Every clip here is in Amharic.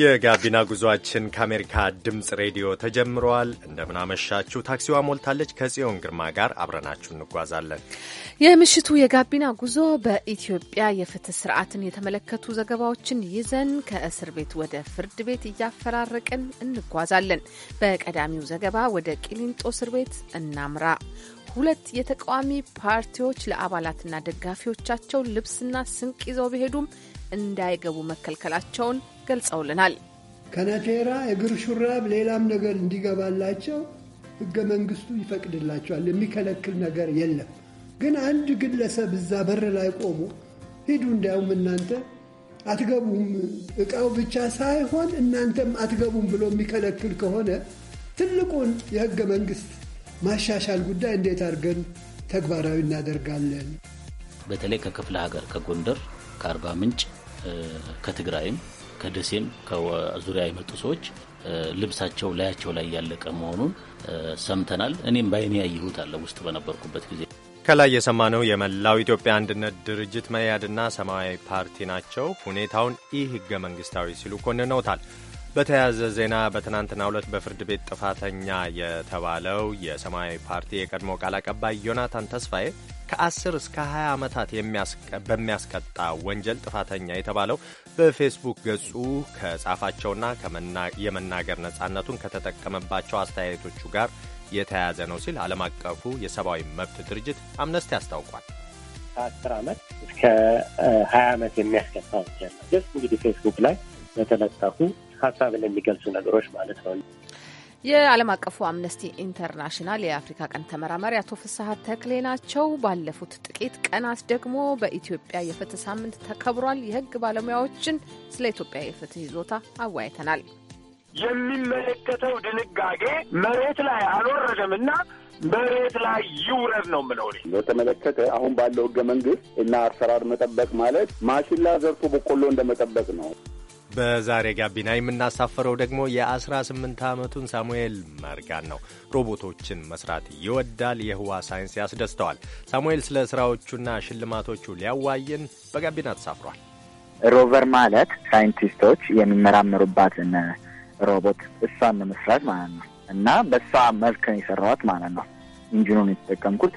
የጋቢና ጉዟችን ከአሜሪካ ድምፅ ሬዲዮ ተጀምረዋል። እንደምናመሻችሁ ታክሲዋ ሞልታለች። ከጽዮን ግርማ ጋር አብረናችሁ እንጓዛለን። የምሽቱ የጋቢና ጉዞ በኢትዮጵያ የፍትህ ስርዓትን የተመለከቱ ዘገባዎችን ይዘን ከእስር ቤት ወደ ፍርድ ቤት እያፈራረቅን እንጓዛለን። በቀዳሚው ዘገባ ወደ ቂሊንጦ እስር ቤት እናምራ። ሁለት የተቃዋሚ ፓርቲዎች ለአባላትና ደጋፊዎቻቸው ልብስና ስንቅ ይዘው ቢሄዱም እንዳይገቡ መከልከላቸውን ገልጸውልናል። ከነቴራ እግር ሹራብ፣ ሌላም ነገር እንዲገባላቸው ህገ መንግስቱ ይፈቅድላቸዋል። የሚከለክል ነገር የለም። ግን አንድ ግለሰብ እዛ በር ላይ ቆሞ ሂዱ፣ እንዲያውም እናንተ አትገቡም፣ እቃው ብቻ ሳይሆን እናንተም አትገቡም ብሎ የሚከለክል ከሆነ ትልቁን የህገ መንግስት ማሻሻል ጉዳይ እንዴት አድርገን ተግባራዊ እናደርጋለን? በተለይ ከክፍለ ሀገር ከጎንደር፣ ከአርባ ምንጭ ከትግራይም ከደሴም ከዙሪያ የመጡ ሰዎች ልብሳቸው ላያቸው ላይ ያለቀ መሆኑን ሰምተናል። እኔም በአይኔ ያየሁት አለ ውስጥ በነበርኩበት ጊዜ። ከላይ የሰማነው የመላው ኢትዮጵያ አንድነት ድርጅት መያድና ሰማያዊ ፓርቲ ናቸው። ሁኔታውን ይህ ህገ መንግስታዊ ሲሉ ኮንነውታል። በተያያዘ ዜና በትናንትና ዕለት በፍርድ ቤት ጥፋተኛ የተባለው የሰማያዊ ፓርቲ የቀድሞ ቃል አቀባይ ዮናታን ተስፋዬ ከ10 እስከ 20 ዓመታት በሚያስቀጣ ወንጀል ጥፋተኛ የተባለው በፌስቡክ ገጹ ከጻፋቸውና የመናገር ነጻነቱን ከተጠቀመባቸው አስተያየቶቹ ጋር የተያያዘ ነው ሲል ዓለም አቀፉ የሰብአዊ መብት ድርጅት አምነስቲ አስታውቋል። ከአስር ዓመት እስከ ሀያ ዓመት የሚያስቀጣ ወንጀል ነው። እንግዲህ ፌስቡክ ላይ በተለጠፉ ሀሳብን የሚገልጹ ነገሮች ማለት ነው። የዓለም አቀፉ አምነስቲ ኢንተርናሽናል የአፍሪካ ቀን ተመራማሪ አቶ ፍስሀ ተክሌ ናቸው። ባለፉት ጥቂት ቀናት ደግሞ በኢትዮጵያ የፍትህ ሳምንት ተከብሯል። የህግ ባለሙያዎችን ስለ ኢትዮጵያ የፍትህ ይዞታ አወያይተናል። የሚመለከተው ድንጋጌ መሬት ላይ አልወረደም እና መሬት ላይ ይውረድ ነው የምለው። በተመለከተ አሁን ባለው ህገ መንግስት እና አሰራር መጠበቅ ማለት ማሽላ ዘርቶ በቆሎ እንደመጠበቅ ነው። በዛሬ ጋቢና የምናሳፈረው ደግሞ የ18 ዓመቱን ሳሙኤል መርጋን ነው። ሮቦቶችን መስራት ይወዳል። የህዋ ሳይንስ ያስደስተዋል። ሳሙኤል ስለ ስራዎቹና ሽልማቶቹ ሊያዋየን በጋቢና ተሳፍሯል። ሮቨር ማለት ሳይንቲስቶች የሚመራመሩባትን ሮቦት እሷን ለመስራት ማለት ነው እና በእሷ መልክ የሰራዋት ማለት ነው ኢንጂኖ ነው የተጠቀምኩት።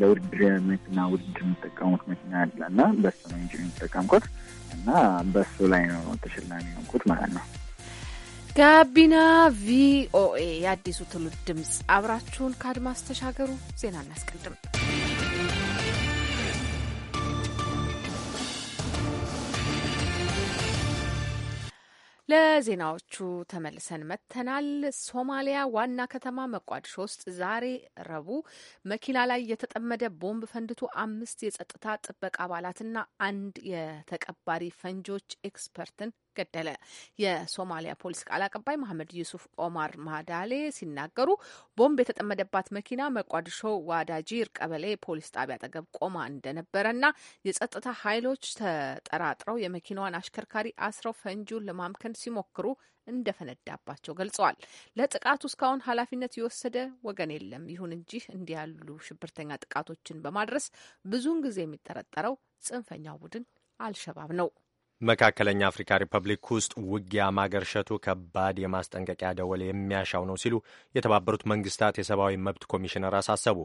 ለውድድር መኪና ውድድር የምጠቀሙት መኪና ያለ እና በሱ ነው ኢንጂኖ የተጠቀምኩት እና በሱ ላይ ነው ተሸላሚ ሆንኩት ማለት ነው። ጋቢና ቪኦኤ የአዲሱ ትውልድ ድምፅ፣ አብራችሁን ከአድማስ ተሻገሩ። ዜና እናስቀድም። ለዜናዎቹ ተመልሰን መጥተናል። ሶማሊያ ዋና ከተማ መቋድሾ ውስጥ ዛሬ ረቡዕ መኪና ላይ የተጠመደ ቦምብ ፈንድቶ አምስት የጸጥታ ጥበቃ አባላትና አንድ የተቀባሪ ፈንጂዎች ኤክስፐርትን ገደለ። የሶማሊያ ፖሊስ ቃል አቀባይ መሐመድ ዩሱፍ ኦማር ማዳሌ ሲናገሩ ቦምብ የተጠመደባት መኪና መቋድሾ ዋዳጂር ቀበሌ ፖሊስ ጣቢያ አጠገብ ቆማ እንደነበረና የጸጥታ ኃይሎች ተጠራጥረው የመኪናዋን አሽከርካሪ አስረው ፈንጂውን ለማምከን ሲሞክሩ እንደፈነዳባቸው ገልጸዋል። ለጥቃቱ እስካሁን ኃላፊነት የወሰደ ወገን የለም። ይሁን እንጂ እንዲህ ያሉ ሽብርተኛ ጥቃቶችን በማድረስ ብዙውን ጊዜ የሚጠረጠረው ጽንፈኛው ቡድን አልሸባብ ነው። መካከለኛ አፍሪካ ሪፐብሊክ ውስጥ ውጊያ ማገርሸቱ ከባድ የማስጠንቀቂያ ደወል የሚያሻው ነው ሲሉ የተባበሩት መንግስታት የሰብአዊ መብት ኮሚሽነር አሳሰቡ።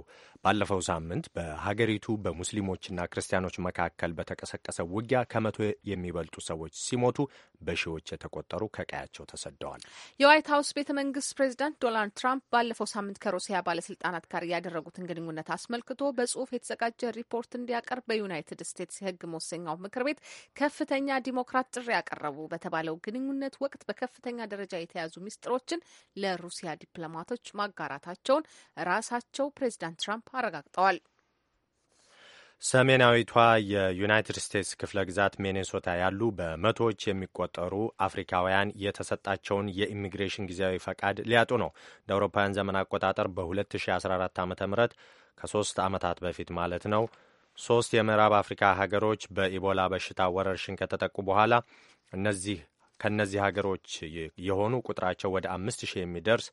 ባለፈው ሳምንት በሀገሪቱ በሙስሊሞችና ክርስቲያኖች መካከል በተቀሰቀሰ ውጊያ ከመቶ የሚበልጡ ሰዎች ሲሞቱ በሺዎች የተቆጠሩ ከቀያቸው ተሰደዋል። የዋይት ሀውስ ቤተ መንግስት ፕሬዚዳንት ዶናልድ ትራምፕ ባለፈው ሳምንት ከሩሲያ ባለስልጣናት ጋር ያደረጉትን ግንኙነት አስመልክቶ በጽሁፍ የተዘጋጀ ሪፖርት እንዲያቀርብ በዩናይትድ ስቴትስ የህግ መወሰኛው ምክር ቤት ከፍተኛ ዲሞክራት ጥሪ ያቀረቡ በተባለው ግንኙነት ወቅት በከፍተኛ ደረጃ የተያዙ ሚስጥሮችን ለሩሲያ ዲፕሎማቶች ማጋራታቸውን ራሳቸው ፕሬዚዳንት ትራምፕ አረጋግጠዋል። ሰሜናዊቷ የዩናይትድ ስቴትስ ክፍለ ግዛት ሚኔሶታ ያሉ በመቶዎች የሚቆጠሩ አፍሪካውያን የተሰጣቸውን የኢሚግሬሽን ጊዜያዊ ፈቃድ ሊያጡ ነው። እንደ አውሮፓውያን ዘመን አቆጣጠር በ2014 ዓ ም ከሶስት ዓመታት በፊት ማለት ነው ሶስት የምዕራብ አፍሪካ ሀገሮች በኢቦላ በሽታ ወረርሽኝ ከተጠቁ በኋላ እነዚህ ከእነዚህ ሀገሮች የሆኑ ቁጥራቸው ወደ አምስት ሺህ የሚደርስ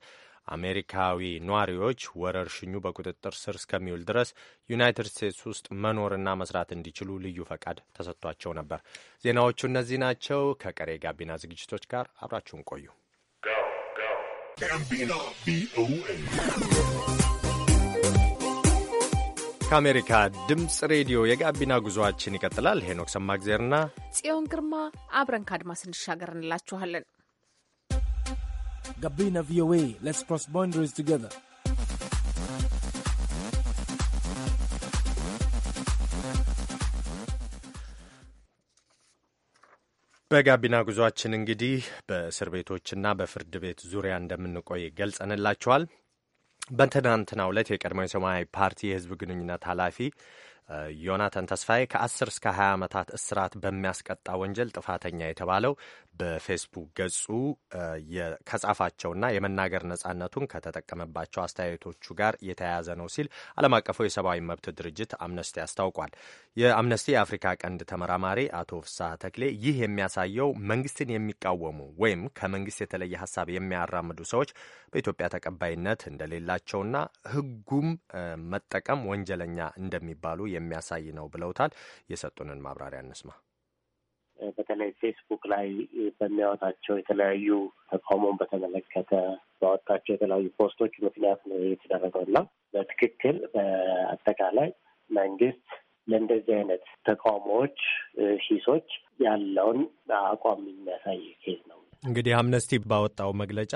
አሜሪካዊ ነዋሪዎች ወረርሽኙ በቁጥጥር ስር እስከሚውል ድረስ ዩናይትድ ስቴትስ ውስጥ መኖርና መስራት እንዲችሉ ልዩ ፈቃድ ተሰጥቷቸው ነበር። ዜናዎቹ እነዚህ ናቸው። ከቀሬ ጋቢና ዝግጅቶች ጋር አብራችሁን ቆዩ። ከአሜሪካ ድምፅ ሬዲዮ የጋቢና ጉዞአችን ይቀጥላል። ሄኖክ ሰማግዜርና ጽዮን ግርማ አብረን ከአድማስ እንሻገር እንላችኋለን። ጋቢና ቪኦኤ ሌትስ ክሮስ ቦንደሪስ ቱጌዘር በጋቢና ጉዞአችን እንግዲህ በእስር ቤቶችና በፍርድ ቤት ዙሪያ እንደምንቆይ ገልጸንላችኋል። በትናንትናው ዕለት የቀድሞ የሰማያዊ ፓርቲ የህዝብ ግንኙነት ኃላፊ ዮናታን ተስፋዬ ከ10 እስከ 20 ዓመታት እስራት በሚያስቀጣ ወንጀል ጥፋተኛ የተባለው በፌስቡክ ገጹ ከጻፋቸውና የመናገር ነጻነቱን ከተጠቀመባቸው አስተያየቶቹ ጋር የተያያዘ ነው ሲል ዓለም አቀፉ የሰብአዊ መብት ድርጅት አምነስቲ አስታውቋል። የአምነስቲ የአፍሪካ ቀንድ ተመራማሪ አቶ ፍስሐ ተክሌ ይህ የሚያሳየው መንግስትን የሚቃወሙ ወይም ከመንግስት የተለየ ሀሳብ የሚያራምዱ ሰዎች በኢትዮጵያ ተቀባይነት እንደሌላቸውና ሕጉም መጠቀም ወንጀለኛ እንደሚባሉ የሚያሳይ ነው ብለውታል። የሰጡንን ማብራሪያ እንስማ። በተለይ ፌስቡክ ላይ በሚያወጣቸው የተለያዩ ተቃውሞን በተመለከተ ባወጣቸው የተለያዩ ፖስቶች ምክንያት ነው የተደረገው እና በትክክል በአጠቃላይ መንግስት ለእንደዚህ አይነት ተቃውሞዎች፣ ሂሶች ያለውን አቋም የሚያሳይ ኬዝ ነው። እንግዲህ አምነስቲ ባወጣው መግለጫ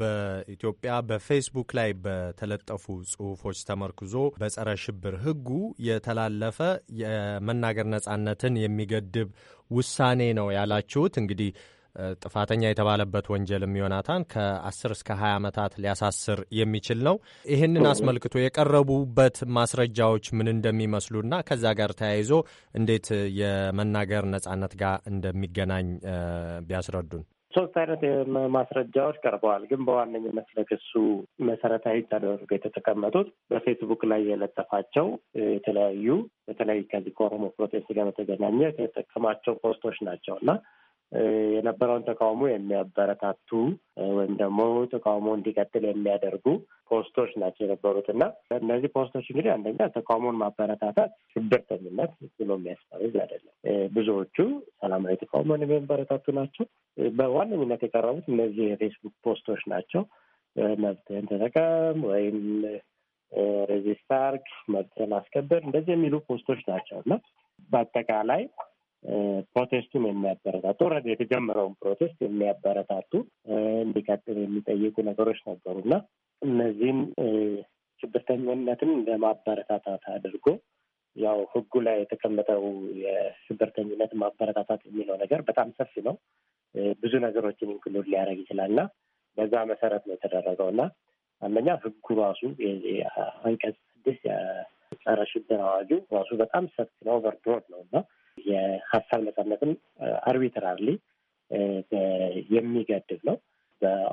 በኢትዮጵያ በፌስቡክ ላይ በተለጠፉ ጽሁፎች ተመርክዞ በጸረ ሽብር ህጉ የተላለፈ የመናገር ነጻነትን የሚገድብ ውሳኔ ነው ያላችሁት። እንግዲህ ጥፋተኛ የተባለበት ወንጀልም ዮናታን ከ10 እስከ 20 ዓመታት ሊያሳስር የሚችል ነው። ይህንን አስመልክቶ የቀረቡበት ማስረጃዎች ምን እንደሚመስሉና ከዛ ጋር ተያይዞ እንዴት የመናገር ነጻነት ጋር እንደሚገናኝ ቢያስረዱን። ሶስት አይነት ማስረጃዎች ቀርበዋል። ግን በዋነኝነት ለክሱ መሰረታዊ ተደርገው የተቀመጡት በፌስቡክ ላይ የለጠፋቸው የተለያዩ በተለይ ከዚህ ከኦሮሞ ፕሮቴስት ጋር በተገናኘ የተጠቀማቸው ፖስቶች ናቸው እና የነበረውን ተቃውሞ የሚያበረታቱ ወይም ደግሞ ተቃውሞ እንዲቀጥል የሚያደርጉ ፖስቶች ናቸው የነበሩት እና እነዚህ ፖስቶች እንግዲህ አንደኛ ተቃውሞን ማበረታታት ሽብርተኝነት ብሎ የሚያስፈርጅ አይደለም። ብዙዎቹ ሰላማዊ ተቃውሞን የሚያበረታቱ ናቸው። በዋነኝነት የቀረቡት እነዚህ የፌስቡክ ፖስቶች ናቸው። መብትህን ተጠቀም ወይም ሬዚስት አድርግ፣ መብትህን አስከብር እንደዚህ የሚሉ ፖስቶች ናቸው እና በአጠቃላይ ፕሮቴስቱን የሚያበረታቱ ኦልሬዲ የተጀመረውን ፕሮቴስት የሚያበረታቱ እንዲቀጥል የሚጠይቁ ነገሮች ነበሩ እና እነዚህም ሽብርተኝነትን ለማበረታታት አድርጎ ያው ህጉ ላይ የተቀመጠው የሽብርተኝነት ማበረታታት የሚለው ነገር በጣም ሰፊ ነው። ብዙ ነገሮችን ኢንክሉድ ሊያደርግ ይችላል እና በዛ መሰረት ነው የተደረገው እና አንደኛ ህጉ ራሱ አንቀጽ ስድስት ጸረ ሽብር አዋጁ ራሱ በጣም ሰፊ ነው፣ ኦቨርድሮድ ነው እና የሀሳብ ነጻነትን አርቢትራርሊ የሚገድብ ነው።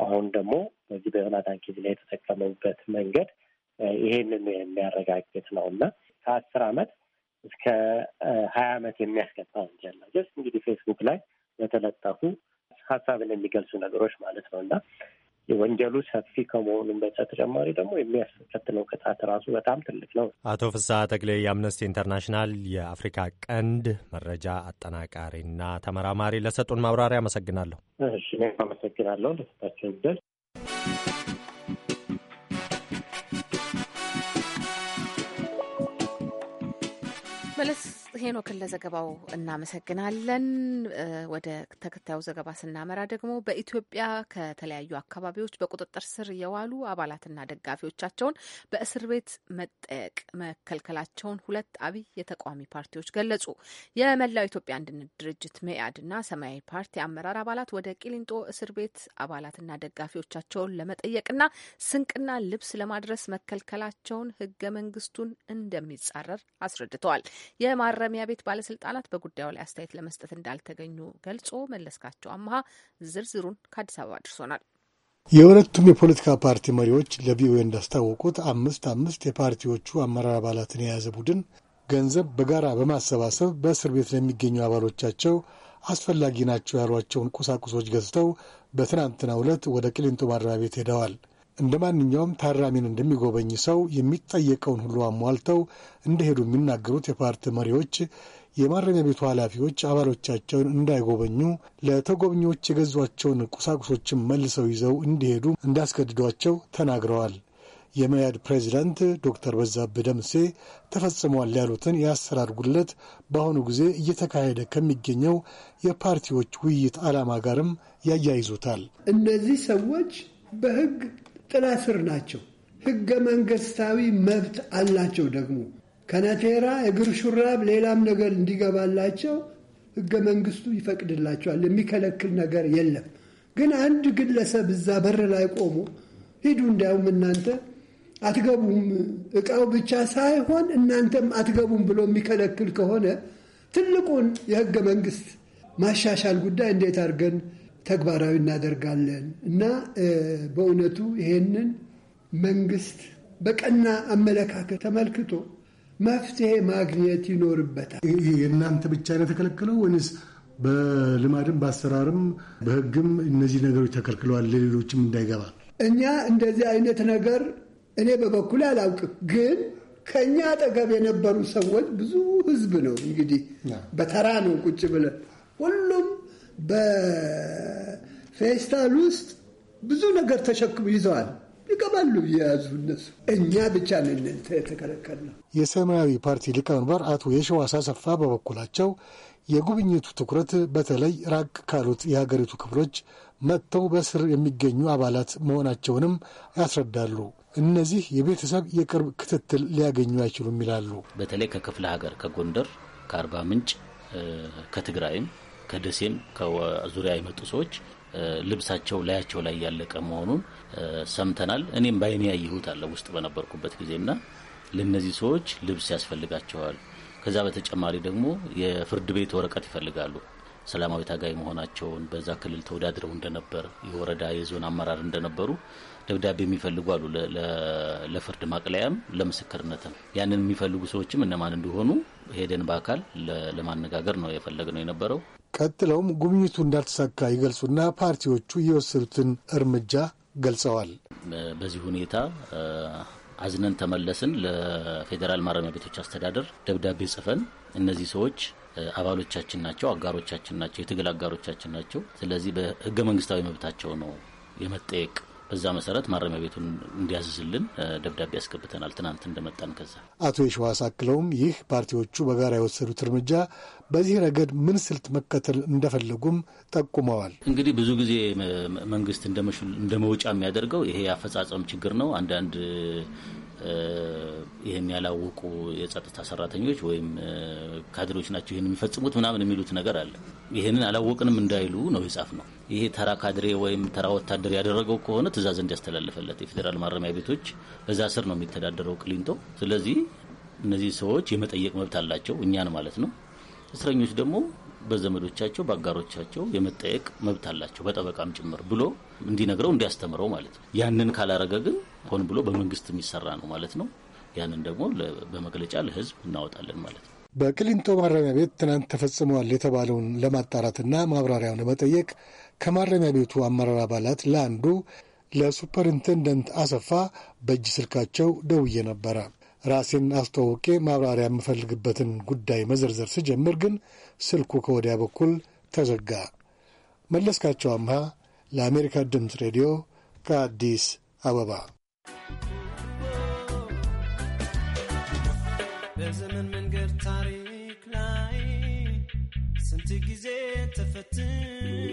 አሁን ደግሞ በዚህ በዮናታን ኪዝ ላይ የተጠቀሙበት መንገድ ይሄንን የሚያረጋግጥ ነው እና ከአስር አመት እስከ ሀያ አመት የሚያስገባ ወንጀል ነው። ጀስት እንግዲህ ፌስቡክ ላይ በተለጠፉ ሀሳብን የሚገልጹ ነገሮች ማለት ነው እና የወንጀሉ ሰፊ ከመሆኑም በተጨማሪ ደግሞ የሚያስከትለው ቅጣት ራሱ በጣም ትልቅ ነው። አቶ ፍስሐ ተክሌ የአምነስቲ ኢንተርናሽናል የአፍሪካ ቀንድ መረጃ አጠናቃሪና ተመራማሪ ለሰጡን ማብራሪያ አመሰግናለሁ። እሺ እኔም አመሰግናለሁ ለሰጣችሁን ድል በለስ ሄኖክን ለዘገባው እናመሰግናለን። ወደ ተከታዩ ዘገባ ስናመራ ደግሞ በኢትዮጵያ ከተለያዩ አካባቢዎች በቁጥጥር ስር የዋሉ አባላትና ደጋፊዎቻቸውን በእስር ቤት መጠየቅ መከልከላቸውን ሁለት አብይ የተቃዋሚ ፓርቲዎች ገለጹ። የመላው ኢትዮጵያ አንድነት ድርጅት መኢአድና ሰማያዊ ፓርቲ አመራር አባላት ወደ ቂሊንጦ እስር ቤት አባላትና ደጋፊዎቻቸውን ለመጠየቅና ስንቅና ልብስ ለማድረስ መከልከላቸውን ህገ መንግስቱን እንደሚጻረር አስረድተዋል። የማረሚያ ቤት ባለስልጣናት በጉዳዩ ላይ አስተያየት ለመስጠት እንዳልተገኙ ገልጾ መለስካቸው አመሃ ዝርዝሩን ከአዲስ አበባ አድርሶናል። የሁለቱም የፖለቲካ ፓርቲ መሪዎች ለቪኦኤ እንዳስታወቁት አምስት አምስት የፓርቲዎቹ አመራር አባላትን የያዘ ቡድን ገንዘብ በጋራ በማሰባሰብ በእስር ቤት ለሚገኙ አባሎቻቸው አስፈላጊ ናቸው ያሏቸውን ቁሳቁሶች ገዝተው በትናንትናው ዕለት ወደ ቅሊንጦ ማረሚያ ቤት ሄደዋል። እንደ ማንኛውም ታራሚን እንደሚጎበኝ ሰው የሚጠየቀውን ሁሉ አሟልተው እንደሄዱ የሚናገሩት የፓርቲ መሪዎች የማረሚያ ቤቱ ኃላፊዎች አባሎቻቸውን እንዳይጎበኙ ለተጎብኚዎች የገዟቸውን ቁሳቁሶችን መልሰው ይዘው እንዲሄዱ እንዳስገድዷቸው ተናግረዋል። የመያድ ፕሬዚዳንት ዶክተር በዛብህ ደምሴ ተፈጽሟል ያሉትን የአሰራር ጉድለት በአሁኑ ጊዜ እየተካሄደ ከሚገኘው የፓርቲዎች ውይይት ዓላማ ጋርም ያያይዙታል። እነዚህ ሰዎች በሕግ ጥላ ስር ናቸው። ህገ መንግስታዊ መብት አላቸው። ደግሞ ከነቴራ እግር ሹራብ፣ ሌላም ነገር እንዲገባላቸው ህገ መንግስቱ ይፈቅድላቸዋል። የሚከለክል ነገር የለም። ግን አንድ ግለሰብ እዛ በር ላይ ቆሞ ሂዱ፣ እንዲያውም እናንተ አትገቡም፣ እቃው ብቻ ሳይሆን እናንተም አትገቡም ብሎ የሚከለክል ከሆነ ትልቁን የህገ መንግስት ማሻሻል ጉዳይ እንዴት አድርገን ተግባራዊ እናደርጋለን እና በእውነቱ ይሄንን መንግስት በቀና አመለካከት ተመልክቶ መፍትሄ ማግኘት ይኖርበታል። የእናንተ ብቻ ነው የተከለከለው ወይንስ በልማድም በአሰራርም በህግም እነዚህ ነገሮች ተከልክለዋል ለሌሎችም እንዳይገባ? እኛ እንደዚህ አይነት ነገር እኔ በበኩል አላውቅም፣ ግን ከእኛ አጠገብ የነበሩ ሰዎች ብዙ ህዝብ ነው እንግዲህ በተራ ነው ቁጭ ብለን ሁሉም በፌስታል ውስጥ ብዙ ነገር ተሸክሙ ይዘዋል። ይቀባሉ የያዙ እነሱ እኛ ብቻ ነን የተከለከልነው። የሰማያዊ ፓርቲ ሊቀመንበር አቶ የሸዋስ አሰፋ በበኩላቸው የጉብኝቱ ትኩረት በተለይ ራቅ ካሉት የሀገሪቱ ክፍሎች መጥተው በስር የሚገኙ አባላት መሆናቸውንም ያስረዳሉ። እነዚህ የቤተሰብ የቅርብ ክትትል ሊያገኙ አይችሉም ይላሉ። በተለይ ከክፍለ ሀገር ከጎንደር፣ ከአርባ ምንጭ፣ ከትግራይም ከደሴም ከዙሪያ የመጡ ሰዎች ልብሳቸው ላያቸው ላይ ያለቀ መሆኑን ሰምተናል። እኔም በአይኔ ያየሁት አለ ውስጥ በነበርኩበት ጊዜና ለእነዚህ ሰዎች ልብስ ያስፈልጋቸዋል። ከዛ በተጨማሪ ደግሞ የፍርድ ቤት ወረቀት ይፈልጋሉ። ሰላማዊ ታጋይ መሆናቸውን በዛ ክልል ተወዳድረው እንደነበር የወረዳ የዞን አመራር እንደነበሩ ደብዳቤ የሚፈልጉ አሉ። ለፍርድ ማቅለያም ለምስክርነትም ያንን የሚፈልጉ ሰዎችም እነማን እንደሆኑ ሄደን በአካል ለማነጋገር ነው የፈለግ ነው የነበረው። ቀጥለውም ጉብኝቱ እንዳልተሳካ ይገልጹና ፓርቲዎቹ የወሰዱትን እርምጃ ገልጸዋል። በዚህ ሁኔታ አዝነን ተመለስን። ለፌዴራል ማረሚያ ቤቶች አስተዳደር ደብዳቤ ጽፈን እነዚህ ሰዎች አባሎቻችን ናቸው፣ አጋሮቻችን ናቸው፣ የትግል አጋሮቻችን ናቸው። ስለዚህ በህገ መንግስታዊ መብታቸው ነው የመጠየቅ በዛ መሰረት ማረሚያ ቤቱን እንዲያዝዝልን ደብዳቤ ያስገብተናል። ትናንት እንደመጣን ከዛ አቶ የሸዋስ አክለውም ይህ ፓርቲዎቹ በጋራ የወሰዱት እርምጃ በዚህ ረገድ ምን ስልት መከተል እንደፈለጉም ጠቁመዋል። እንግዲህ ብዙ ጊዜ መንግስት እንደ መውጫ የሚያደርገው ይሄ የአፈጻጸም ችግር ነው። አንዳንድ ይህን ያላወቁ የጸጥታ ሰራተኞች ወይም ካድሬዎች ናቸው ይህን የሚፈጽሙት ምናምን የሚሉት ነገር አለ። ይህንን አላወቅንም እንዳይሉ ነው የጻፍ ነው። ይሄ ተራ ካድሬ ወይም ተራ ወታደር ያደረገው ከሆነ ትእዛዝ እንዲያስተላልፈለት የፌዴራል ማረሚያ ቤቶች በዛ ስር ነው የሚተዳደረው ቅሊንጦ። ስለዚህ እነዚህ ሰዎች የመጠየቅ መብት አላቸው፣ እኛን ማለት ነው። እስረኞች ደግሞ በዘመዶቻቸው በአጋሮቻቸው የመጠየቅ መብት አላቸው፣ በጠበቃም ጭምር ብሎ እንዲነግረው እንዲያስተምረው ማለት ነው። ያንን ካላረገ ግን ሆን ብሎ በመንግስት የሚሰራ ነው ማለት ነው። ያንን ደግሞ በመግለጫ ለህዝብ እናወጣለን ማለት ነው። በቅሊንጦ ማረሚያ ቤት ትናንት ተፈጽመዋል የተባለውን ለማጣራትና ማብራሪያውን ለመጠየቅ ከማረሚያ ቤቱ አመራር አባላት ለአንዱ ለሱፐርኢንቴንደንት አሰፋ በእጅ ስልካቸው ደውዬ ነበረ። ራሴን አስተዋውቄ ማብራሪያ የምፈልግበትን ጉዳይ መዘርዘር ስጀምር ግን ስልኩ ከወዲያ በኩል ተዘጋ። መለስካቸው አምሃ ለአሜሪካ ድምፅ ሬዲዮ ከአዲስ አበባ በዘመን መንገድ ታሪክ ላይ ስንት ጊዜ ተፈትነናል።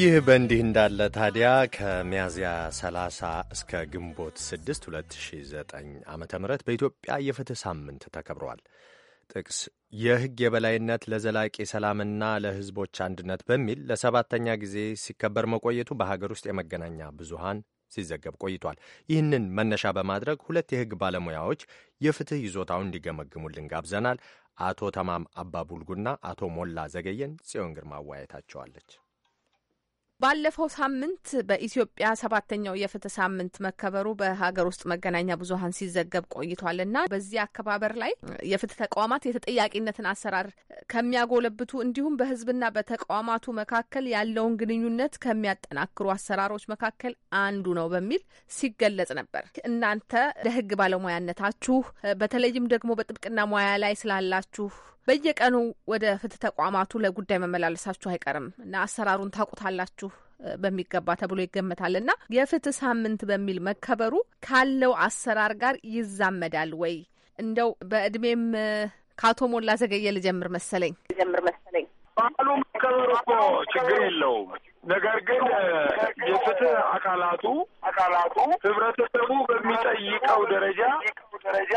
ይህ በእንዲህ እንዳለ ታዲያ ከሚያዝያ 30 እስከ ግንቦት 6 2009 ዓ ም በኢትዮጵያ የፍትህ ሳምንት ተከብረዋል። ጥቅስ የህግ የበላይነት ለዘላቂ ሰላምና ለህዝቦች አንድነት በሚል ለሰባተኛ ጊዜ ሲከበር መቆየቱ በሀገር ውስጥ የመገናኛ ብዙሃን ሲዘገብ ቆይቷል። ይህንን መነሻ በማድረግ ሁለት የህግ ባለሙያዎች የፍትህ ይዞታውን እንዲገመግሙልን ጋብዘናል። አቶ ተማም አባ ቡልጉና አቶ ሞላ ዘገየን ጽዮን ግርማ አወያየታቸዋለች። ባለፈው ሳምንት በኢትዮጵያ ሰባተኛው የፍትህ ሳምንት መከበሩ በሀገር ውስጥ መገናኛ ብዙኃን ሲዘገብ ቆይቷል እና በዚህ አከባበር ላይ የፍትህ ተቋማት የተጠያቂነትን አሰራር ከሚያጎለብቱ እንዲሁም በህዝብና በተቋማቱ መካከል ያለውን ግንኙነት ከሚያጠናክሩ አሰራሮች መካከል አንዱ ነው በሚል ሲገለጽ ነበር። እናንተ ለህግ ባለሙያነታችሁ በተለይም ደግሞ በጥብቅና ሙያ ላይ ስላላችሁ በየቀኑ ወደ ፍትህ ተቋማቱ ለጉዳይ መመላለሳችሁ አይቀርም እና አሰራሩን ታውቁታላችሁ በሚገባ ተብሎ ይገመታል እና የፍትህ ሳምንት በሚል መከበሩ ካለው አሰራር ጋር ይዛመዳል ወይ? እንደው በእድሜም ከአቶ ሞላ ዘገየ ልጀምር መሰለኝ ልጀምር መሰለኝ በዓሉ መከበሩ እኮ ችግር የለውም። ነገር ግን የፍትህ አካላቱ አካላቱ ህብረተሰቡ በሚጠይቀው ደረጃ ደረጃ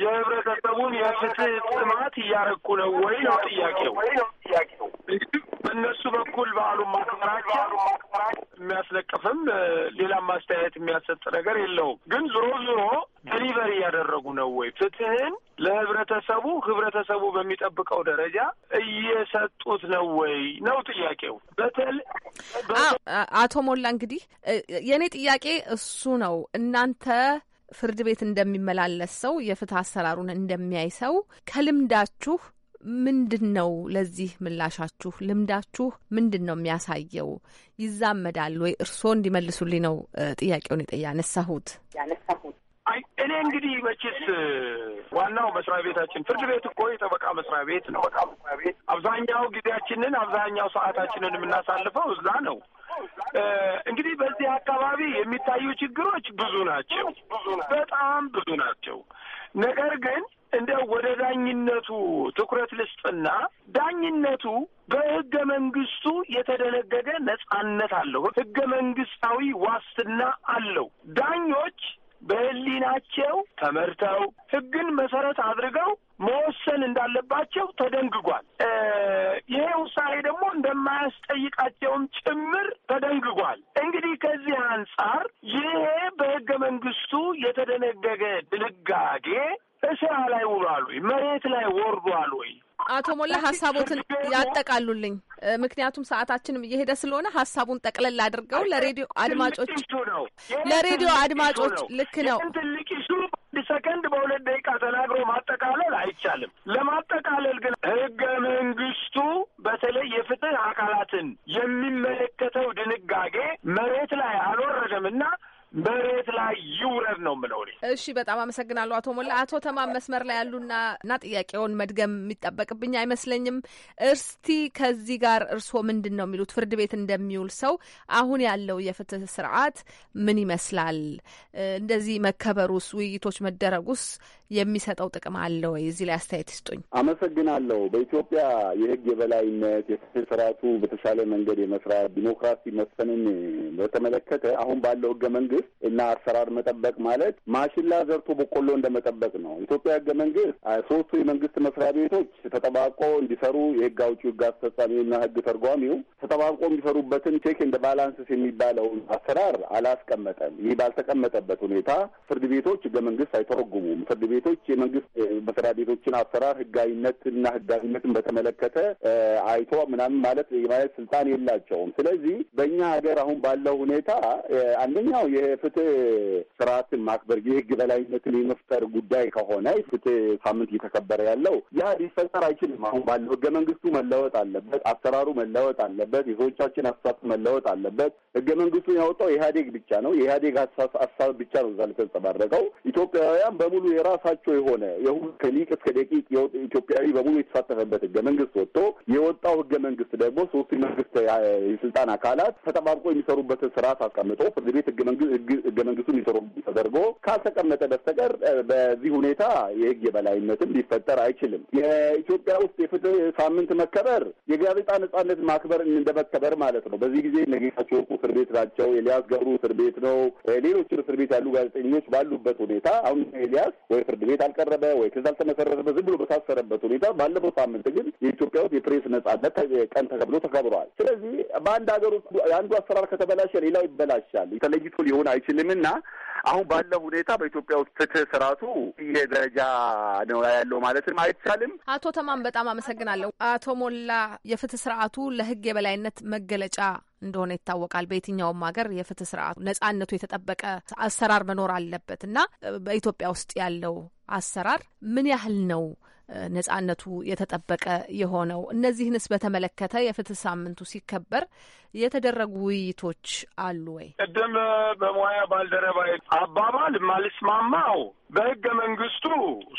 የህብረተሰቡን የፍትህ ጥማት እያረኩ ነው ወይ ነው ጥያቄው። በእነሱ በኩል በዓሉን ማክበራቸው የሚያስለቅፍም ሌላም ማስተያየት የሚያሰጥ ነገር የለውም። ግን ዞሮ ዞሮ ዴሊቨሪ እያደረጉ ነው ወይ ፍትህን ለህብረተሰቡ ህብረተሰቡ በሚጠብቀው ደረጃ እየሰጡት ነው ወይ ነው ጥያቄው። በተል አቶ ሞላ እንግዲህ የእኔ ጥያቄ እሱ ነው እናንተ ፍርድ ቤት እንደሚመላለስ ሰው የፍትህ አሰራሩን እንደሚያይ ሰው ከልምዳችሁ ምንድን ነው ለዚህ ምላሻችሁ? ልምዳችሁ ምንድን ነው የሚያሳየው? ይዛመዳል ወይ? እርስዎ እንዲመልሱልኝ ነው ጥያቄውን ያነሳሁት። ያነሳሁት እኔ እንግዲህ መቼስ ዋናው መስሪያ ቤታችን ፍርድ ቤት እኮ የጠበቃ መስሪያ ቤት ነው። አብዛኛው ጊዜያችንን አብዛኛው ሰዓታችንን የምናሳልፈው እዛ ነው። እንግዲህ በዚህ አካባቢ የሚታዩ ችግሮች ብዙ ናቸው፣ በጣም ብዙ ናቸው። ነገር ግን እንደው ወደ ዳኝነቱ ትኩረት ልስጥና ዳኝነቱ በህገ መንግስቱ የተደነገገ ነጻነት አለው፣ ህገ መንግስታዊ ዋስትና አለው። ዳኞች በህሊናቸው ተመርተው ህግን መሰረት አድርገው መወሰን እንዳለባቸው ተደንግጓል። ይሄ ውሳኔ ደግሞ እንደማያስጠይቃቸውም ጭምር ተደንግጓል። እንግዲህ ከዚህ አንጻር ይሄ በህገ መንግስቱ የተደነገገ ድንጋጌ ስራ ላይ ውሏል ወይ? መሬት ላይ ወርዷል ወይ? አቶ ሞላ ሀሳቦትን ያጠቃሉልኝ። ምክንያቱም ሰዓታችንም እየሄደ ስለሆነ ሀሳቡን ጠቅለል አድርገው ለሬዲዮ አድማጮች ለሬዲዮ አድማጮች ልክ ነው። በአንድ ሰከንድ በሁለት ደቂቃ ተናግሮ ማጠቃለል አይቻልም። ለማጠቃለል ግን ህገ መንግስቱ በተለይ የፍትህ አካላትን የሚመለከተው ድንጋጌ መሬት ላይ አልወረደምና መሬት ላይ ይው ነው የምለው እኔ። እሺ፣ በጣም አመሰግናለሁ አቶ ሞላ። አቶ ተማም መስመር ላይ ያሉና እና ጥያቄውን መድገም የሚጠበቅብኝ አይመስለኝም። እስቲ ከዚህ ጋር እርስዎ ምንድን ነው የሚሉት? ፍርድ ቤት እንደሚውል ሰው አሁን ያለው የፍትህ ስርዓት ምን ይመስላል? እንደዚህ መከበሩስ፣ ውይይቶች መደረጉስ የሚሰጠው ጥቅም አለ ወይ? እዚህ ላይ አስተያየት ይስጡኝ። አመሰግናለሁ። በኢትዮጵያ የህግ የበላይነት የፍትህ ስርዓቱ በተሻለ መንገድ የመስራት ዲሞክራሲ መስፈንን በተመለከተ አሁን ባለው ህገ መንግስት እና አሰራር መጠበቅ ማለት ማሽላ ዘርቶ በቆሎ እንደመጠበቅ ነው። ኢትዮጵያ ህገ መንግስት ሶስቱ የመንግስት መስሪያ ቤቶች ተጠባቆ እንዲሰሩ የህግ አውጪው ህግ አስፈጻሚውና ህግ ተርጓሚው ተጠባቆ የሚሰሩበትን ቼክ እንደ ባላንስስ የሚባለውን አሰራር አላስቀመጠም። ይህ ባልተቀመጠበት ሁኔታ ፍርድ ቤቶች ህገ መንግስት አይተረጉሙም። ፍርድ ቤቶች የመንግስት መስሪያ ቤቶችን አሰራር ህጋዊነትና ህጋዊነትን በተመለከተ አይቶ ምናምን ማለት የማለት ስልጣን የላቸውም። ስለዚህ በእኛ ሀገር አሁን ባለው ሁኔታ አንደኛው የፍትህ ስርዓትን ማክበር የህግ በላይነትን የመፍጠር ጉዳይ ከሆነ ፍትህ ሳምንት እየተከበረ ያለው ያ ሊፈጠር አይችልም። አሁን ባለው ህገ መንግስቱ መለወጥ አለበት፣ አሰራሩ መለወጥ አለበት፣ የሰዎቻችን አስተሳሰብ መለወጥ አለበት። ህገ መንግስቱን ያወጣው ኢህአዴግ ብቻ ነው። የኢህአዴግ ሀሳብ ብቻ ነው እዛ የተንጸባረቀው። ኢትዮጵያውያን በሙሉ የራሳቸው የሆነ የሁሉ ከሊቅ እስከ ደቂቅ ኢትዮጵያዊ በሙሉ የተሳተፈበት ህገ መንግስት ወጥቶ የወጣው ህገ መንግስት ደግሞ ሶስት መንግስት የስልጣን አካላት ተጠባብቆ የሚሰሩበትን ስርዓት አስቀምጦ ፍርድ ቤት ህገ መንግስቱ የሚሰሩ ተደርጎ ቀርቦ ካልተቀመጠ በስተቀር በዚህ ሁኔታ የህግ የበላይነትም ሊፈጠር አይችልም። የኢትዮጵያ ውስጥ የፍትህ ሳምንት መከበር የጋዜጣ ነጻነት ማክበር እንደመከበር ማለት ነው። በዚህ ጊዜ ነጌታቸው እስር ቤት ናቸው። ኤልያስ ገብሩ እስር ቤት ነው። ሌሎችም እስር ቤት ያሉ ጋዜጠኞች ባሉበት ሁኔታ አሁን ኤልያስ ወይ ፍርድ ቤት አልቀረበ ወይ ክስ አልተመሰረተበት ዝም ብሎ በታሰረበት ሁኔታ ባለፈው ሳምንት ግን የኢትዮጵያ ውስጥ የፕሬስ ነጻነት ቀን ተከብሎ ተከብረዋል። ስለዚህ በአንድ ሀገር ውስጥ አንዱ አሰራር ከተበላሸ ሌላው ይበላሻል። ተለይቶ ሊሆን አይችልምና አሁን ባለው ሁኔታ በኢትዮጵያ ውስጥ ፍትህ ስርዓቱ ይሄ ደረጃ ነው ያለው ማለትም አይቻልም። አቶ ተማም በጣም አመሰግናለሁ። አቶ ሞላ የፍትህ ስርዓቱ ለህግ የበላይነት መገለጫ እንደሆነ ይታወቃል። በየትኛውም ሀገር የፍትህ ስርዓቱ ነጻነቱ የተጠበቀ አሰራር መኖር አለበት እና በኢትዮጵያ ውስጥ ያለው አሰራር ምን ያህል ነው? ነጻነቱ የተጠበቀ የሆነው። እነዚህንስ በተመለከተ የፍትህ ሳምንቱ ሲከበር የተደረጉ ውይይቶች አሉ ወይ? ቅድም በሙያ ባልደረባ አባባል ማልስማማው በህገ መንግስቱ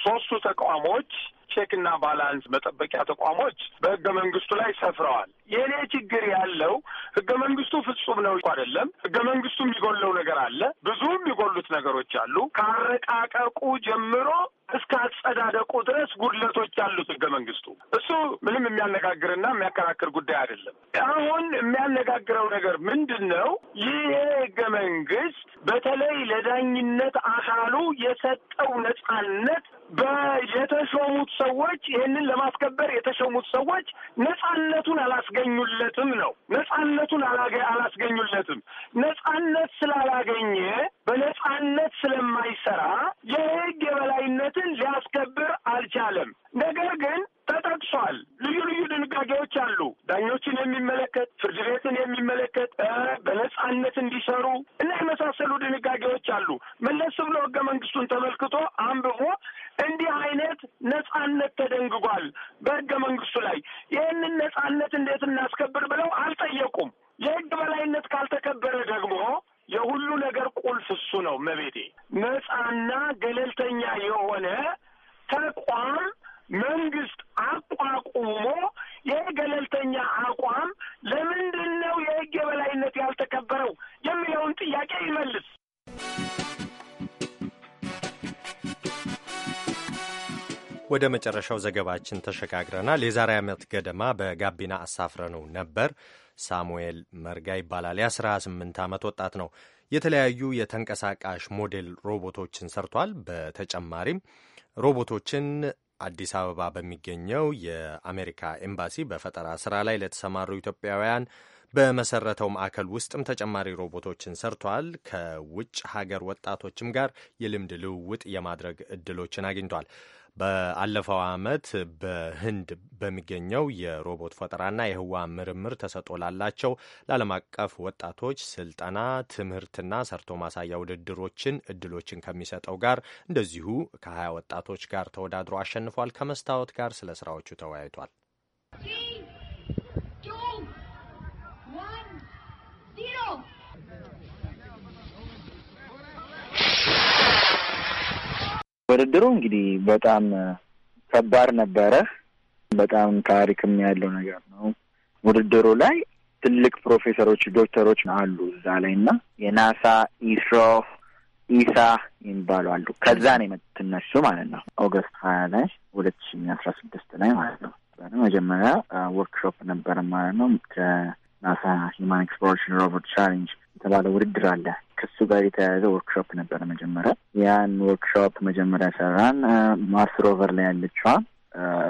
ሶስቱ ተቋሞች ቼክና ባላንስ መጠበቂያ ተቋሞች በህገ መንግስቱ ላይ ሰፍረዋል። የእኔ ችግር ያለው ህገ መንግስቱ ፍጹም ነው አይደለም። ህገ መንግስቱ የሚጎለው ነገር አለ፣ ብዙ የሚጎሉት ነገሮች አሉ። ከአረቃቀቁ ጀምሮ እስከ አጸዳደቁ ድረስ ጉድለቶች አሉት ህገ መንግስቱ። እሱ ምንም የሚያነጋግርና የሚያከራክር ጉዳይ አይደለም። አሁን የሚያነጋግረው ነገር ምንድን ነው? ይሄ ህገ መንግስት በተለይ ለዳኝነት አካሉ የሰጠው ነጻነት የተሾሙት ሰዎች ይህንን ለማስከበር የተሾሙት ሰዎች ነጻነቱን አላስገኙለትም ነው። ነጻነቱን አላስገኙለትም። ነጻነት ስላላገኘ በነጻነት ስለማይሰራ የህግ የበላይነትን ሊያስከብር አልቻለም። ነገር ግን ተጠቅሷል። ልዩ ልዩ ድንጋጌዎች አሉ። ዳኞችን የሚመለከት ፍርድ ቤትን የሚመለከት በነጻነት እንዲሰሩ እና የመሳሰሉ ድንጋጌዎች አሉ። መለስ ብሎ ህገ መንግስቱን ተመልክቶ አንብቦ እንዲህ አይነት ነጻነት ተደንግጓል በህገ መንግስቱ ላይ። ይህንን ነጻነት እንዴት እናስከብር ብለው አልጠየቁም። የህግ በላይነት ካልተከበረ ደግሞ የሁሉ ነገር ቁልፍ እሱ ነው። መቤቴ ነጻና ገለልተኛ የሆነ ተቋም መንግስት አቋቁሞ ይህ ገለልተኛ አቋም ለምንድን ነው የህግ የበላይነት ያልተከበረው የሚለውን ጥያቄ ይመልስ። ወደ መጨረሻው ዘገባችን ተሸጋግረናል። የዛሬ ዓመት ገደማ በጋቢና አሳፍረነው ነበር ሳሙኤል መርጋ ይባላል። የ18 ዓመት ወጣት ነው። የተለያዩ የተንቀሳቃሽ ሞዴል ሮቦቶችን ሰርቷል። በተጨማሪም ሮቦቶችን አዲስ አበባ በሚገኘው የአሜሪካ ኤምባሲ በፈጠራ ስራ ላይ ለተሰማሩ ኢትዮጵያውያን በመሰረተው ማዕከል ውስጥም ተጨማሪ ሮቦቶችን ሰርቷል። ከውጭ ሀገር ወጣቶችም ጋር የልምድ ልውውጥ የማድረግ እድሎችን አግኝቷል። በአለፈው ዓመት በህንድ በሚገኘው የሮቦት ፈጠራና የህዋ ምርምር ተሰጥኦ ላላቸው ለዓለም አቀፍ ወጣቶች ስልጠና፣ ትምህርትና ሰርቶ ማሳያ ውድድሮችን እድሎችን ከሚሰጠው ጋር እንደዚሁ ከሀያ ወጣቶች ጋር ተወዳድሮ አሸንፏል። ከመስታወት ጋር ስለ ስራዎቹ ተወያይቷል። ውድድሩ እንግዲህ በጣም ከባድ ነበረ። በጣም ታሪክም ያለው ነገር ነው። ውድድሩ ላይ ትልቅ ፕሮፌሰሮች፣ ዶክተሮች አሉ እዛ ላይ እና የናሳ ኢስሮ ኢሳ የሚባሉ አሉ። ከዛ ነው የመጡት እነሱ ማለት ነው። ኦገስት ሀያ ላይ ሁለት ሺ አስራ ስድስት ላይ ማለት ነው። መጀመሪያ ወርክሾፕ ነበረ ማለት ነው ከናሳ ሂማን ኤክስፕሎሬሽን ሮቨር ቻሌንጅ የተባለ ውድድር አለ። ከሱ ጋር የተያያዘ ወርክሾፕ ነበረ። መጀመሪያ ያን ወርክሾፕ መጀመሪያ ሰራን። ማርስ ሮቨር ላይ ያለችዋ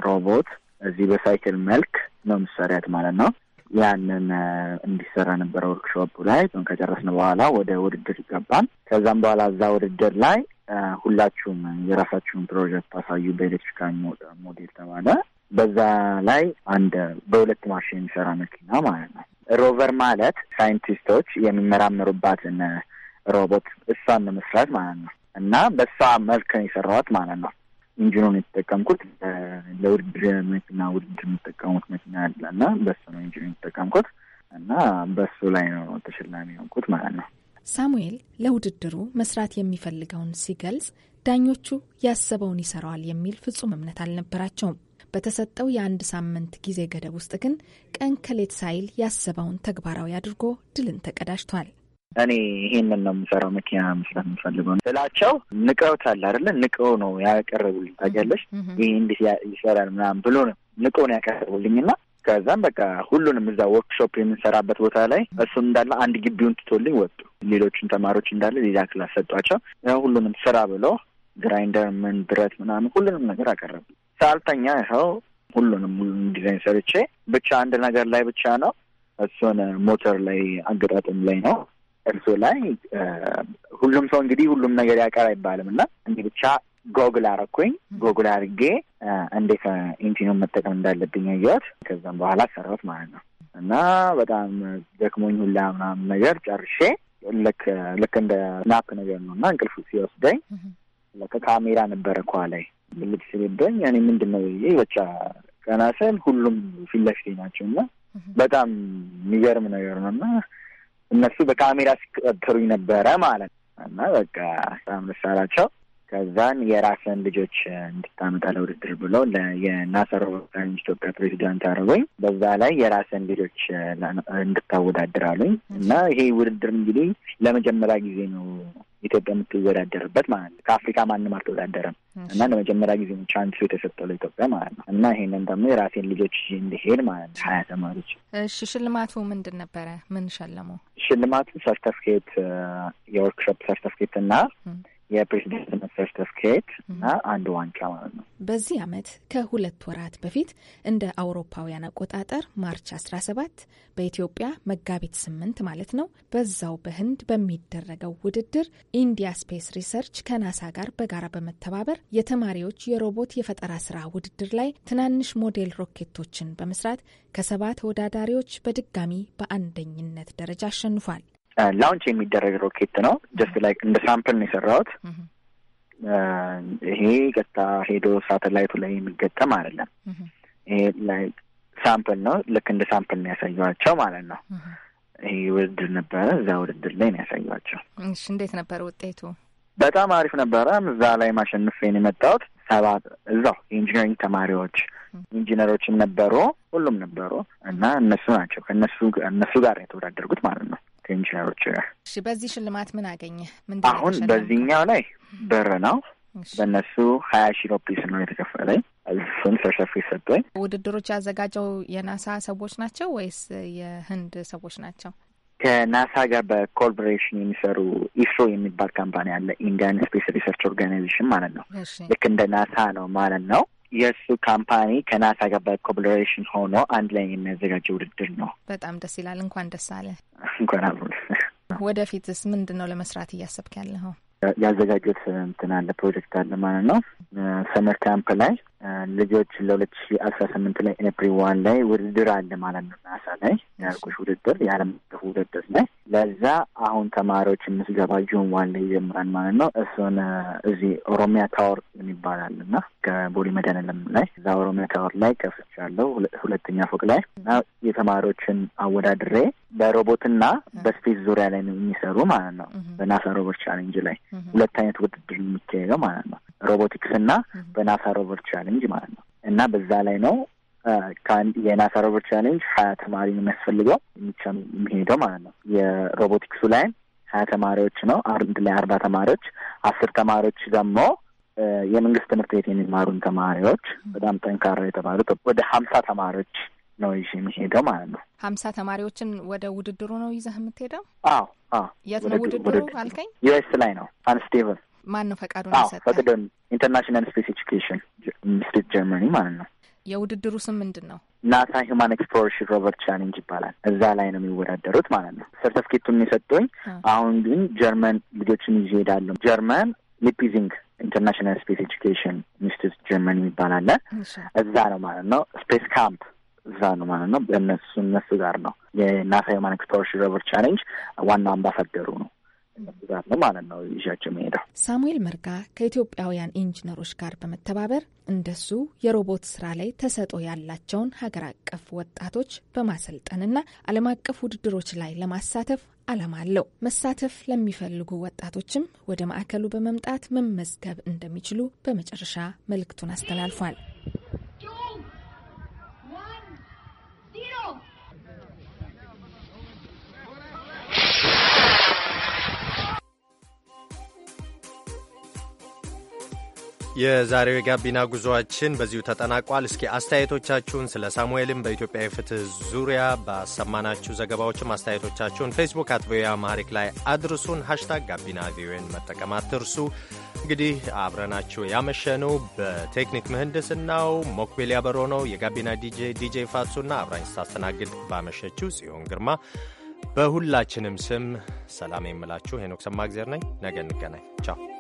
ሮቦት እዚህ በሳይክል መልክ ነው ምሳሪያት ማለት ነው። ያንን እንዲሰራ ነበረ ወርክሾፕ ላይ። ከጨረስን በኋላ ወደ ውድድር ይገባል። ከዛም በኋላ እዛ ውድድር ላይ ሁላችሁም የራሳችሁን ፕሮጀክት አሳዩ በኤሌክትሪካል ሞዴል ተባለ። በዛ ላይ አንድ በሁለት ማሽን የሚሰራ መኪና ማለት ነው ሮቨር ማለት ሳይንቲስቶች የሚመራምሩባትን ሮቦት እሷን ለመስራት ማለት ነው። እና በእሷ መልክ ነው የሰራዋት ማለት ነው። ኢንጂኑን የተጠቀምኩት ለውድድር መኪና ውድድር የሚጠቀሙት መኪና ያለ እና በሱ ነው ኢንጂኑ የተጠቀምኩት እና በሱ ላይ ነው ተሸላሚ የሆንኩት ማለት ነው። ሳሙኤል ለውድድሩ መስራት የሚፈልገውን ሲገልጽ ዳኞቹ ያሰበውን ይሰራዋል የሚል ፍጹም እምነት አልነበራቸውም። በተሰጠው የአንድ ሳምንት ጊዜ ገደብ ውስጥ ግን ቀን ከሌት ሳይል ያሰበውን ተግባራዊ አድርጎ ድልን ተቀዳጅቷል። እኔ ይሄንን ነው የምሰራው፣ መኪና መስራት የምፈልገው ስላቸው ንቀውት አለ አይደለ? ንቀው ነው ያቀረቡልኝ። ታውቂያለሽ፣ ይህ እንዴት ይሰራል ምናምን ብሎ ነው ንቀው ነው ያቀረቡልኝ እና ከዛም በቃ ሁሉንም እዛ ወርክሾፕ የምንሰራበት ቦታ ላይ እሱም እንዳለ አንድ ግቢውን ትቶልኝ ወጡ። ሌሎችን ተማሪዎች እንዳለ ሌላ ክላስ ሰጧቸው። ሁሉንም ስራ ብሎ ግራይንደር፣ ምን ብረት ምናምን ሁሉንም ነገር አቀረቡ። ሳልተኛ ይኸው ሁሉንም ዲዛይን ሰርቼ ብቻ አንድ ነገር ላይ ብቻ ነው። እሱን ሞተር ላይ አገጣጠም ላይ ነው። እርሱ ላይ ሁሉም ሰው እንግዲህ ሁሉም ነገር ያቀር አይባልም እና እንዲህ ብቻ ጎግል አረኩኝ። ጎግል አርጌ እንዴት ኢንቲኖን መጠቀም እንዳለብኝ አየሁት። ከዛም በኋላ ሰራሁት ማለት ነው እና በጣም ደክሞኝ ሁላ ምናምን ነገር ጨርሼ ልክ ልክ እንደ ናፕ ነገር ነው እና እንቅልፍ ሲወስደኝ ካሜራ ነበረ ኳ ላይ ብልክ ሲልበኝ ያኔ ምንድን ነው ብዬ በቃ ቀና ስል ሁሉም ፊት ለፊቴ ናቸው እና በጣም የሚገርም ነገር ነው እና እነሱ በካሜራ ሲቀጥሩኝ ነበረ ማለት ነው እና በቃ በጣም ደስ አላቸው። ከዛን የራስን ልጆች እንድታመጣ ለውድድር ብሎ የናሰሮ ኢትዮጵያ ፕሬዚዳንት አድርጎኝ በዛ ላይ የራስን ልጆች እንድታወዳድር አሉኝ እና ይሄ ውድድር እንግዲህ ለመጀመሪያ ጊዜ ነው ኢትዮጵያ የምትወዳደርበት ማለት ነው። ከአፍሪካ ማንም አልተወዳደረም እና ለመጀመሪያ ጊዜ ቻንሱ የተሰጠው ለኢትዮጵያ ማለት ነው እና ይሄንን ደግሞ የራሴን ልጆች እንዲሄድ ማለት ነው ሀያ ተማሪዎች። እሺ ሽልማቱ ምንድን ነበረ? ምን ሸለሙ? ሽልማቱ ሰርተፍኬት የወርክሾፕ ሰርተፍኬት እና የፕሬዚደንት መሰረች ተስካሄድ እና አንድ ዋንጫ ማለት ነው። በዚህ አመት ከሁለት ወራት በፊት እንደ አውሮፓውያን አቆጣጠር ማርች 17 በኢትዮጵያ መጋቢት ስምንት ማለት ነው። በዛው በህንድ በሚደረገው ውድድር ኢንዲያ ስፔስ ሪሰርች ከናሳ ጋር በጋራ በመተባበር የተማሪዎች የሮቦት የፈጠራ ስራ ውድድር ላይ ትናንሽ ሞዴል ሮኬቶችን በመስራት ከሰባ ተወዳዳሪዎች በድጋሚ በአንደኝነት ደረጃ አሸንፏል። ላውንች uh, የሚደረግ ሮኬት ነው። ጀስት ላይክ እንደ ሳምፕል ነው የሰራሁት። uh, ይሄ ቀጥታ ሄዶ ሳተላይቱ ላይ የሚገጠም አይደለም። ይሄ ላይክ ሳምፕል ነው። ልክ እንደ ሳምፕል ነው ያሳየኋቸው ማለት ነው። ይሄ ውድድር ነበረ። እዛ ውድድር ላይ ነው ያሳየኋቸው። እሺ፣ እንዴት ነበረ ውጤቱ? በጣም አሪፍ ነበረ። እዛ ላይ ማሸንፌን ነው የመጣሁት። ሰባት እዛው የኢንጂነሪንግ ተማሪዎች ኢንጂነሮችም ነበሩ፣ ሁሉም ነበሩ እና እነሱ ናቸው ከእነሱ እነሱ ጋር የተወዳደርጉት ማለት ነው። ከኢንጂነሮች እሺ፣ በዚህ ሽልማት ምን አገኘ? ምንድን አሁን በዚህኛው ላይ ብር ነው። በእነሱ ሀያ ሺ ሮፒስ ነው የተከፈለኝ። እሱን ተሸፊ ይሰጠኝ ውድድሮች ያዘጋጀው የናሳ ሰዎች ናቸው ወይስ የህንድ ሰዎች ናቸው? ከናሳ ጋር በኮልቦሬሽን የሚሰሩ ኢስሮ የሚባል ካምፓኒ አለ። ኢንዲያን ስፔስ ሪሰርች ኦርጋናይዜሽን ማለት ነው። ልክ እንደ ናሳ ነው ማለት ነው። የእሱ ካምፓኒ ከናሳ ጋር በኮላቦሬሽን ሆኖ አንድ ላይ የሚያዘጋጀ ውድድር ነው። በጣም ደስ ይላል። እንኳን ደስ አለ። እንኳን አብሮ ወደፊትስ ምንድን ነው ለመስራት እያሰብክ ያለኸው? ያዘጋጁት እንትን አለ ፕሮጀክት አለ ማለት ነው። ሰመር ካምፕ ላይ ልጆች ለሁለት ሺ አስራ ስምንት ላይ ኤፕሪ ዋን ላይ ውድድር አለ ማለት ነው። ናሳ ላይ ያልኩሽ ውድድር የዓለም አቀፍ ውድድር ላይ ለዛ አሁን ተማሪዎች የምስገባ ጁን ዋን ላይ ይጀምራል ማለት ነው። እሱን እዚህ ኦሮሚያ ታወር የሚባላል እና ከቦሌ መድኃኔዓለም ላይ እዛ ኦሮሚያ ታወር ላይ ከፍቻለሁ ሁለተኛ ፎቅ ላይ እና የተማሪዎችን አወዳድሬ በሮቦትና በስፔስ ዙሪያ ላይ የሚሰሩ ማለት ነው። በናሳ ሮቦት ቻሌንጅ ላይ ሁለት አይነት ውድድር የሚካሄደው ማለት ነው። ሮቦቲክስ እና በናሳ ሮቨር ቻሌንጅ ማለት ነው እና በዛ ላይ ነው ከአንድ የናሳ ሮቨር ቻሌንጅ ሀያ ተማሪ ነው የሚያስፈልገው የሚሄደው ማለት ነው። የሮቦቲክሱ ላይ ሀያ ተማሪዎች ነው አንድ ላይ አርባ ተማሪዎች፣ አስር ተማሪዎች ደግሞ የመንግስት ትምህርት ቤት የሚማሩን ተማሪዎች በጣም ጠንካራ የተባሉት ወደ ሀምሳ ተማሪዎች ነው ይዤ የሚሄደው ማለት ነው። ሀምሳ ተማሪዎችን ወደ ውድድሩ ነው ይዘህ የምትሄደው? አዎ አዎ። የት ነው ውድድሩ አልከኝ? ዩኤስ ላይ ነው አንስቴቨን። ማን ነው ፈቃዱን የሰጠ? ፈቅደን ኢንተርናሽናል ስፔስ ኤዱኬሽን ስቴት ጀርመኒ ማለት ነው። የውድድሩ ስም ምንድን ነው? ናሳ ሂማን ኤክስፕሎሬሽን ሮቨር ቻሌንጅ ይባላል። እዛ ላይ ነው የሚወዳደሩት ማለት ነው። ሰርተፍኬቱን የሰጡኝ። አሁን ግን ጀርመን ልጆችን ይዤ እሄዳለሁ። ጀርመን ሊፒዚንግ ኢንተርናሽናል ስፔስ ኤዱኬሽን ኢንስቲትዩት ጀርመኒ ይባላል። እዛ ነው ማለት ነው። ስፔስ ካምፕ እዛ ነው ማለት ነው። በእነሱ እነሱ ጋር ነው የናሳ ሂውማን ኤክስፕሎሬሽን ሮቨር ቻሌንጅ ዋና አምባሳደሩ ነው። ጋር ነው ማለት ነው ይዣቸው መሄዳ። ሳሙኤል መርጋ ከኢትዮጵያውያን ኢንጂነሮች ጋር በመተባበር እንደሱ የሮቦት ስራ ላይ ተሰጦ ያላቸውን ሀገር አቀፍ ወጣቶች በማሰልጠንና ዓለም አቀፍ ውድድሮች ላይ ለማሳተፍ አላማ አለው። መሳተፍ ለሚፈልጉ ወጣቶችም ወደ ማዕከሉ በመምጣት መመዝገብ እንደሚችሉ በመጨረሻ መልእክቱን አስተላልፏል። የዛሬው የጋቢና ጉዞአችን በዚሁ ተጠናቋል። እስኪ አስተያየቶቻችሁን ስለ ሳሙኤልም በኢትዮጵያ የፍትህ ዙሪያ ባሰማናችሁ ዘገባዎችም አስተያየቶቻችሁን ፌስቡክ አት ቪኦኤ አማሪክ ላይ አድርሱን። ሃሽታግ ጋቢና ቪኦኤን መጠቀም አትርሱ። እንግዲህ አብረናችሁ ያመሸነው በቴክኒክ ምህንድስናው ሞክቤል ያበሮ ነው። የጋቢና ዲጄ ዲጄ ፋሱና አብራኝ ስታስተናግድ ባመሸችው ጽዮን ግርማ በሁላችንም ስም ሰላም የምላችሁ ሄኖክ ሰማእግዜር ነኝ። ነገ እንገናኝ። ቻው